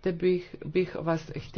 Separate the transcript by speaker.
Speaker 1: te bih, bih vas htjela